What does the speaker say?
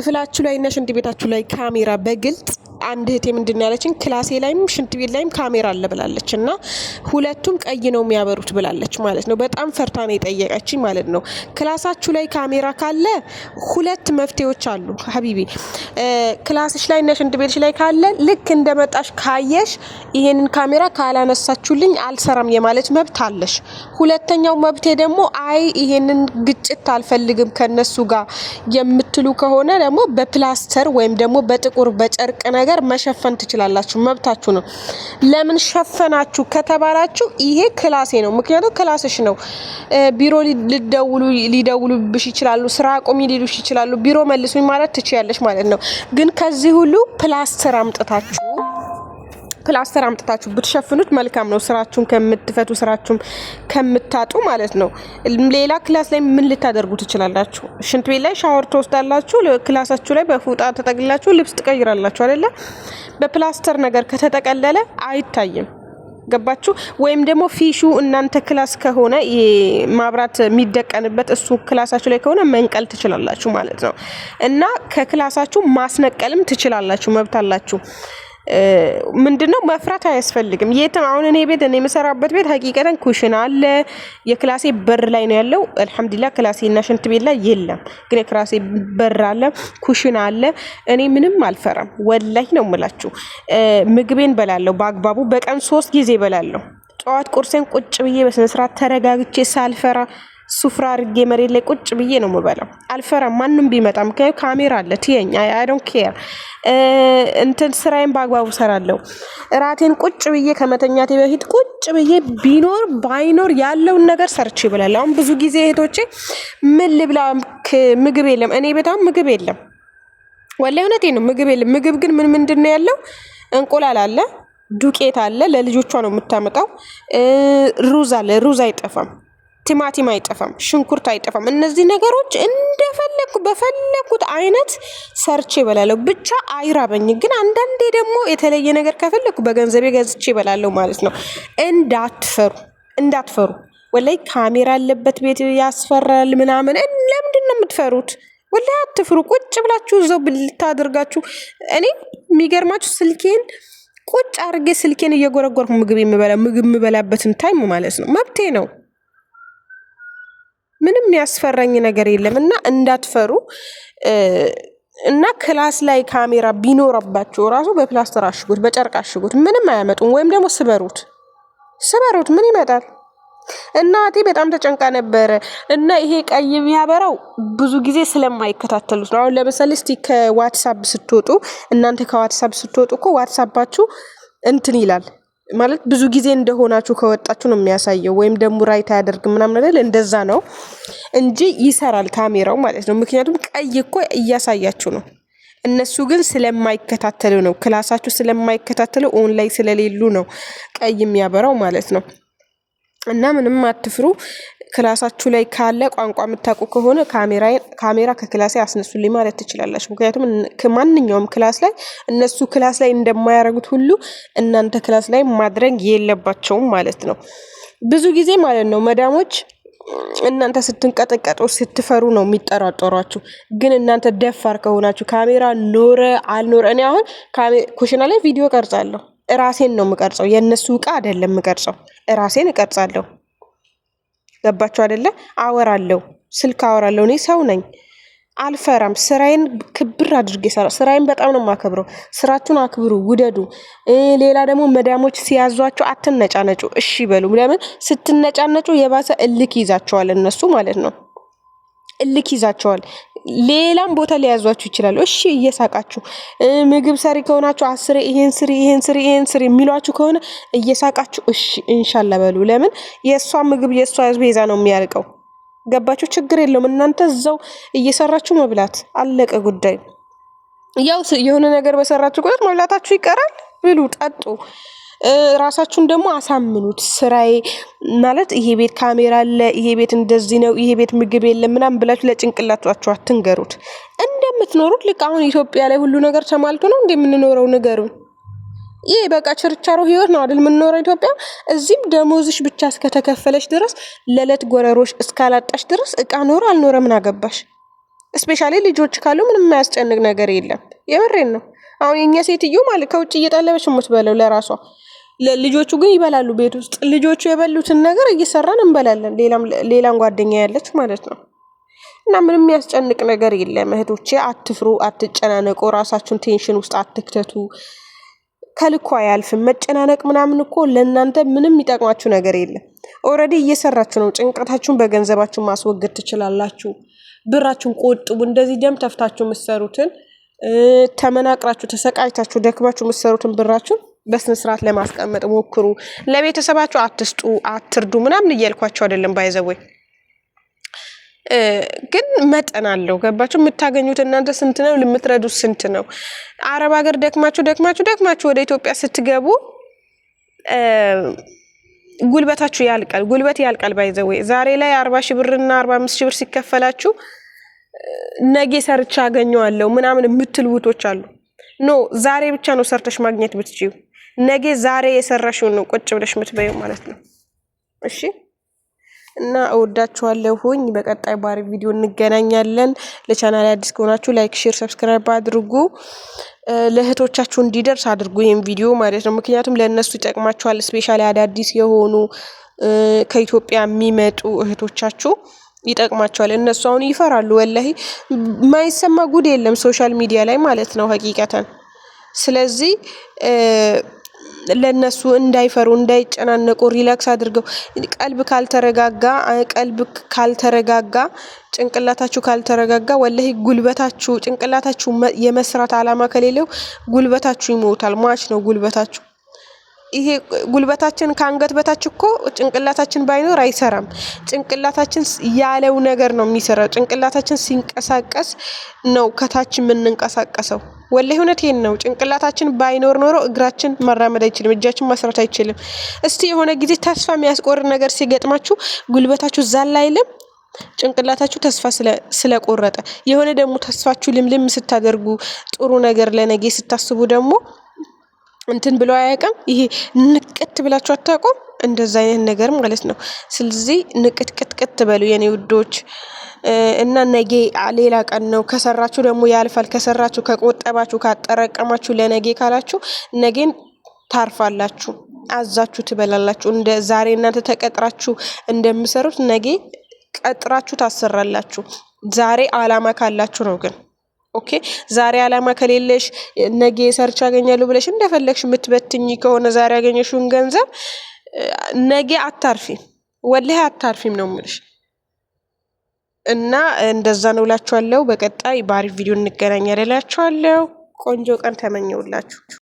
ክፍላችሁ ላይ እና ሽንት ቤታችሁ ላይ ካሜራ በግልጽ አንድ እህቴ ምንድን ነው ያለችን ክላሴ ላይም ሽንት ቤት ላይም ካሜራ አለ ብላለች እና ሁለቱም ቀይ ነው የሚያበሩት ብላለች ማለት ነው። በጣም ፈርታ ነው የጠየቀችኝ ማለት ነው። ክላሳችሁ ላይ ካሜራ ካለ ሁለት መፍትሄዎች አሉ ሀቢቢ። ክላስሽ ላይ እና ሽንት ቤትሽ ላይ ካለ ልክ እንደመጣሽ ካየሽ ይሄንን ካሜራ ካላነሳችሁልኝ አልሰራም የማለት መብት አለሽ። ሁለተኛው መብቴ ደግሞ አይ ይሄንን ግጭት አልፈልግም ከነሱ ጋር የምትሉ ከሆነ ደግሞ በፕላስተር ወይም ደግሞ በጥቁር በጨርቅ ነገር ነገር መሸፈን ትችላላችሁ፣ መብታችሁ ነው። ለምን ሸፈናችሁ ከተባላችሁ ይሄ ክላሴ ነው፣ ምክንያቱም ክላስሽ ነው። ቢሮ ልደውሉ ሊደውሉብሽ ይችላሉ፣ ስራ አቁሚ ሊሉሽ ይችላሉ። ቢሮ መልሱኝ ማለት ትችያለሽ ማለት ነው። ግን ከዚህ ሁሉ ፕላስተር አምጥታችሁ ፕላስተር አምጥታችሁ ብትሸፍኑት መልካም ነው። ስራችሁን ከምትፈቱ ስራችሁን ከምታጡ ማለት ነው። ሌላ ክላስ ላይ ምን ልታደርጉ ትችላላችሁ? ሽንት ቤት ላይ ሻወር ትወስዳላችሁ። ክላሳችሁ ላይ በፉጣ ተጠቅላችሁ ልብስ ትቀይራላችሁ አይደለ? በፕላስተር ነገር ከተጠቀለለ አይታይም። ገባችሁ? ወይም ደግሞ ፊሹ እናንተ ክላስ ከሆነ ማብራት የሚደቀንበት እሱ ክላሳችሁ ላይ ከሆነ መንቀል ትችላላችሁ ማለት ነው። እና ከክላሳችሁ ማስነቀልም ትችላላችሁ፣ መብት አላችሁ። ምንድነው መፍራት አያስፈልግም። የትም አሁን እኔ ቤት እኔ የምሰራበት ቤት ሀቂቀተን ኩሽን አለ። የክላሴ በር ላይ ነው ያለው። አልሐምዱሊላ ክላሴና ሽንት ቤት ላይ የለም፣ ግን የክላሴ በር አለ፣ ኩሽን አለ። እኔ ምንም አልፈራም። ወላይ ነው የምላችሁ። ምግቤን በላለሁ በአግባቡ። በቀን ሶስት ጊዜ በላለሁ። ጠዋት ቁርሴን ቁጭ ብዬ በስነስርዓት ተረጋግቼ ሳልፈራ ሱፍራ አድርጌ መሬት ላይ ቁጭ ብዬ ነው የምበላው። አልፈራም ማንም ቢመጣ፣ ምክንያቱ ካሜራ አለ ትየኝ። አይ ዶንት ኬር እንትን ስራዬን በአግባቡ ሰራለሁ። እራቴን ቁጭ ብዬ ከመተኛቴ በፊት ቁጭ ብዬ ቢኖር ባይኖር ያለውን ነገር ሰርች ይብላል። አሁን ብዙ ጊዜ እህቶቼ ምን ልብላ ምግብ የለም፣ እኔ በጣም ምግብ የለም፣ ወላሂ እውነቴ ነው ምግብ የለም። ምግብ ግን ምን ምንድን ነው ያለው? እንቁላል አለ ዱቄት አለ፣ ለልጆቿ ነው የምታመጣው። ሩዝ አለ፣ ሩዝ አይጠፋም። ቲማቲም አይጠፋም፣ ሽንኩርት አይጠፋም። እነዚህ ነገሮች እንደፈለግኩ በፈለግኩት አይነት ሰርቼ እበላለሁ፣ ብቻ አይራበኝ። ግን አንዳንዴ ደግሞ የተለየ ነገር ከፈለግኩ በገንዘቤ ገዝቼ እበላለሁ ማለት ነው። እንዳትፈሩ እንዳትፈሩ። ወላይ ካሜራ ያለበት ቤት ያስፈራል ምናምን። ለምንድን ነው የምትፈሩት? ወላይ አትፍሩ። ቁጭ ብላችሁ እዛው ብልት አድርጋችሁ እኔ የሚገርማችሁ ስልኬን ቁጭ አድርጌ ስልኬን እየጎረጎርኩ ምግብ የምበላ ምግብ የምበላበትን ታይም ማለት ነው መብቴ ነው። ምንም ያስፈራኝ ነገር የለም እና እንዳትፈሩ እና ክላስ ላይ ካሜራ ቢኖረባቸው ራሱ በፕላስተር አሽጉት፣ በጨርቅ አሽጉት፣ ምንም አያመጡም። ወይም ደግሞ ስበሩት ስበሩት ምን ይመጣል? እናቴ በጣም ተጨንቃ ነበረ። እና ይሄ ቀይ የሚያበራው ብዙ ጊዜ ስለማይከታተሉት ነው። አሁን ለምሳሌ እስቲ ከዋትሳፕ ስትወጡ እናንተ ከዋትሳፕ ስትወጡ እኮ ዋትሳፓችሁ እንትን ይላል ማለት ብዙ ጊዜ እንደሆናችሁ ከወጣችሁ ነው የሚያሳየው። ወይም ደግሞ ራይት አያደርግም ምናምን አይደል? እንደዛ ነው እንጂ ይሰራል ካሜራው ማለት ነው። ምክንያቱም ቀይ እኮ እያሳያችሁ ነው። እነሱ ግን ስለማይከታተሉ ነው፣ ክላሳችሁ ስለማይከታተሉ ኦን ላይ ስለሌሉ ነው ቀይ የሚያበራው ማለት ነው። እና ምንም አትፍሩ። ክላሳችሁ ላይ ካለ ቋንቋ የምታውቁ ከሆነ ካሜራ ከክላስ ላይ አስነሱልኝ ማለት ትችላላችሁ። ምክንያቱም ማንኛውም ክላስ ላይ እነሱ ክላስ ላይ እንደማያደርጉት ሁሉ እናንተ ክላስ ላይ ማድረግ የለባቸውም ማለት ነው። ብዙ ጊዜ ማለት ነው መዳሞች እናንተ ስትንቀጠቀጡ ስትፈሩ ነው የሚጠራጠሯችሁ። ግን እናንተ ደፋር ከሆናችሁ ካሜራ ኖረ አልኖረ፣ እኔ አሁን ኩሽና ላይ ቪዲዮ ቀርጻለሁ። ራሴን ነው የምቀርጸው፣ የእነሱ እቃ አይደለም የምቀርጸው፣ ራሴን እቀርጻለሁ። ገባቸው አደለ? አወራለሁ፣ ስልክ አወራለሁ። እኔ ሰው ነኝ፣ አልፈራም። ስራዬን ክብር አድርጌ ሰራ። ስራዬን በጣም ነው የማከብረው። ስራችሁን አክብሩ፣ ውደዱ። ሌላ ደግሞ መዳሞች ሲያዟቸው አትነጫነጩ፣ እሺ በሉ። ለምን ስትነጫነጩ የባሰ እልክ ይዛቸዋል እነሱ ማለት ነው። እልክ ይዛቸዋል። ሌላም ቦታ ሊያዟችሁ ይችላል እሺ እየሳቃችሁ ምግብ ሰሪ ከሆናችሁ አስሬ ይሄን ስሪ ይሄን ስሪ ይሄን ስሪ የሚሏችሁ ከሆነ እየሳቃችሁ እሺ እንሻላ በሉ። ለምን የእሷ ምግብ የእሷ ቤዛ ነው የሚያልቀው። ገባችሁ? ችግር የለውም። እናንተ እዛው እየሰራችሁ መብላት አለቀ ጉዳይ። ያው የሆነ ነገር በሰራችሁ ቁጥር መብላታችሁ ይቀራል። ብሉ፣ ጠጡ። ራሳችሁን ደግሞ አሳምኑት። ስራዬ ማለት ይሄ ቤት ካሜራ አለ፣ ይሄ ቤት እንደዚህ ነው፣ ይሄ ቤት ምግብ የለም ምናምን ብላችሁ ለጭንቅላቷችሁ አትንገሩት። እንደምትኖሩት ልክ አሁን ኢትዮጵያ ላይ ሁሉ ነገር ተሟልቶ ነው እንደምንኖረው ንገሩን። ይህ በቃ ችርቻሮ ህይወት ነው አይደል? የምንኖረው ኢትዮጵያ። እዚህም ደሞዝሽ ብቻ እስከተከፈለች ድረስ ለዕለት ጎረሮሽ እስካላጣሽ ድረስ እቃ ኖረ አልኖረ ምን አገባሽ? እስፔሻሊ ልጆች ካሉ ምንም የማያስጨንቅ ነገር የለም። የምሬን ነው። አሁን የእኛ ሴትዮ ማለት ከውጭ እየጠለበች የምትበለው ለራሷ ልጆቹ ግን ይበላሉ ቤት ውስጥ ልጆቹ የበሉትን ነገር እየሰራን እንበላለን። ሌላም ጓደኛ ያለች ማለት ነው። እና ምንም የሚያስጨንቅ ነገር የለም እህቶቼ፣ አትፍሩ፣ አትጨናነቁ፣ ራሳችሁን ቴንሽን ውስጥ አትክተቱ። ከልኩ አያልፍም መጨናነቅ ምናምን እኮ ለእናንተ ምንም የሚጠቅማችሁ ነገር የለም። ኦልሬዲ እየሰራችሁ ነው። ጭንቀታችሁን በገንዘባችሁ ማስወገድ ትችላላችሁ። ብራችሁን ቆጥቡ። እንደዚህ ደም ተፍታችሁ የምትሰሩትን ተመናቅራችሁ ተሰቃይታችሁ ደክማችሁ የምትሰሩትን ብራችሁን በስነ ስርዓት ለማስቀመጥ ሞክሩ። ለቤተሰባችሁ አትስጡ፣ አትርዱ ምናምን እያልኳቸው አይደለም ባይዘወይ ግን መጠን አለው። ገባችሁ? የምታገኙት እናንተ ስንት ነው? የምትረዱት ስንት ነው? አረብ ሀገር ደክማችሁ ደክማችሁ ደክማችሁ ወደ ኢትዮጵያ ስትገቡ ጉልበታችሁ ያልቃል። ጉልበት ያልቃል። ባይዘዌ ዛሬ ላይ አርባ ሺህ ብርና አርባ አምስት ሺ ብር ሲከፈላችሁ ነገ ሰርቻ አገኘዋለሁ ምናምን የምትልውቶች አሉ። ኖ ዛሬ ብቻ ነው ሰርተሽ ማግኘት ብትችው ነገ ዛሬ የሰራሽውን ነው ቁጭ ብለሽ የምትበይው ማለት ነው። እሺ እና እወዳችኋለሁኝ። በቀጣይ ባሪ ቪዲዮ እንገናኛለን። ለቻናል አዲስ ከሆናችሁ ላይክ፣ ሼር፣ ሰብስክራይብ አድርጉ። ለእህቶቻችሁ እንዲደርስ አድርጉ ይህም ቪዲዮ ማለት ነው። ምክንያቱም ለእነሱ ይጠቅማችኋል። ስፔሻሊ አዳዲስ የሆኑ ከኢትዮጵያ የሚመጡ እህቶቻችሁ ይጠቅማቸዋል። እነሱ አሁን ይፈራሉ። ወላሂ የማይሰማ ጉድ የለም ሶሻል ሚዲያ ላይ ማለት ነው ሀቂቀተን። ስለዚህ ለነሱ እንዳይፈሩ እንዳይጨናነቁ ሪላክስ አድርገው ቀልብ ካልተረጋጋ ቀልብ ካልተረጋጋ ጭንቅላታችሁ ካልተረጋጋ ወላሂ ጉልበታችሁ ጭንቅላታችሁ የመስራት አላማ ከሌለው ጉልበታችሁ ይሞታል። ማች ነው ጉልበታችሁ። ይሄ ጉልበታችን ከአንገት በታች እኮ ጭንቅላታችን ባይኖር አይሰራም። ጭንቅላታችን ያለው ነገር ነው የሚሰራው። ጭንቅላታችን ሲንቀሳቀስ ነው ከታች የምንንቀሳቀሰው። ወላሂ እውነት ይሄን ነው። ጭንቅላታችን ባይኖር ኖሮ እግራችን መራመድ አይችልም፣ እጃችን መስራት አይችልም። እስቲ የሆነ ጊዜ ተስፋ የሚያስቆርጥ ነገር ሲገጥማችሁ ጉልበታችሁ ዛል አይልም? ጭንቅላታችሁ ተስፋ ስለቆረጠ የሆነ ደግሞ ተስፋችሁ ልምልም ስታደርጉ ጥሩ ነገር ለነገ ስታስቡ ደግሞ እንትን ብሎ አያውቅም። ይሄ ንቅት ብላችሁ አታውቁም? እንደዛ አይነት ነገር ማለት ነው። ስለዚህ ንቅትቅት ንቅት በሉ የኔ ውዶች እና ነጌ ሌላ ቀን ነው። ከሰራችሁ ደግሞ ያልፋል። ከሰራችሁ፣ ከቆጠባችሁ፣ ካጠረቀማችሁ ለነጌ ካላችሁ ነጌን ታርፋላችሁ። አዛችሁ ትበላላችሁ። እንደ ዛሬ እናንተ ተቀጥራችሁ እንደምሰሩት ነጌ ቀጥራችሁ ታሰራላችሁ። ዛሬ አላማ ካላችሁ ነው ግን ኦኬ ዛሬ አላማ ከሌለሽ ነገ ሰርች ያገኛሉ ብለሽ እንደፈለግሽ የምትበትኝ ከሆነ ዛሬ ያገኘሽውን ገንዘብ ነገ አታርፊ። ወላሂ አታርፊም ነው የምልሽ። እና እንደዛ ነው እላችኋለሁ። በቀጣይ በአሪፍ ቪዲዮ እንገናኛለን እላችኋለሁ። ቆንጆ ቀን ተመኘውላችሁ።